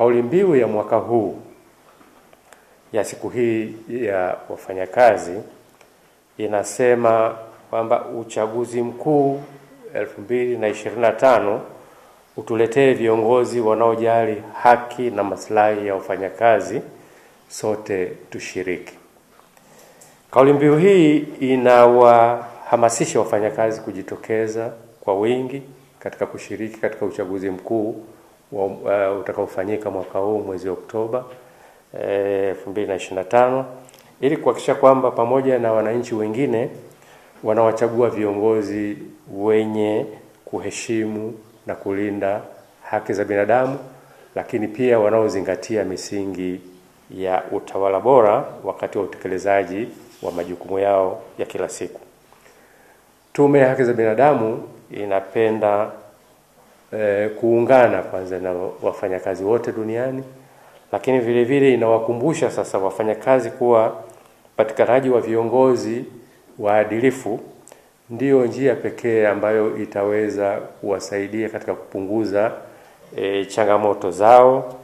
Kauli mbiu ya mwaka huu ya siku hii ya wafanyakazi inasema kwamba uchaguzi mkuu 2025 utuletee viongozi wanaojali haki na maslahi ya wafanyakazi, sote tushiriki. Kauli mbiu hii inawahamasisha wafanyakazi kujitokeza kwa wingi katika kushiriki katika uchaguzi mkuu uh, utakaofanyika mwaka huu mwezi Oktoba eh, elfu mbili na ishirini na tano ili kuhakikisha kwamba pamoja na wananchi wengine wanawachagua viongozi wenye kuheshimu na kulinda haki za binadamu, lakini pia wanaozingatia misingi ya utawala bora wakati wa utekelezaji wa majukumu yao ya kila siku. Tume ya Haki za Binadamu inapenda e, kuungana kwanza na wafanyakazi wote duniani, lakini vile vile inawakumbusha sasa wafanyakazi kuwa upatikanaji wa viongozi waadilifu ndiyo njia pekee ambayo itaweza kuwasaidia katika kupunguza e, changamoto zao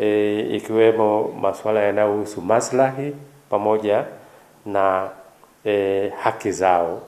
e, ikiwemo masuala yanayohusu maslahi pamoja na e, haki zao.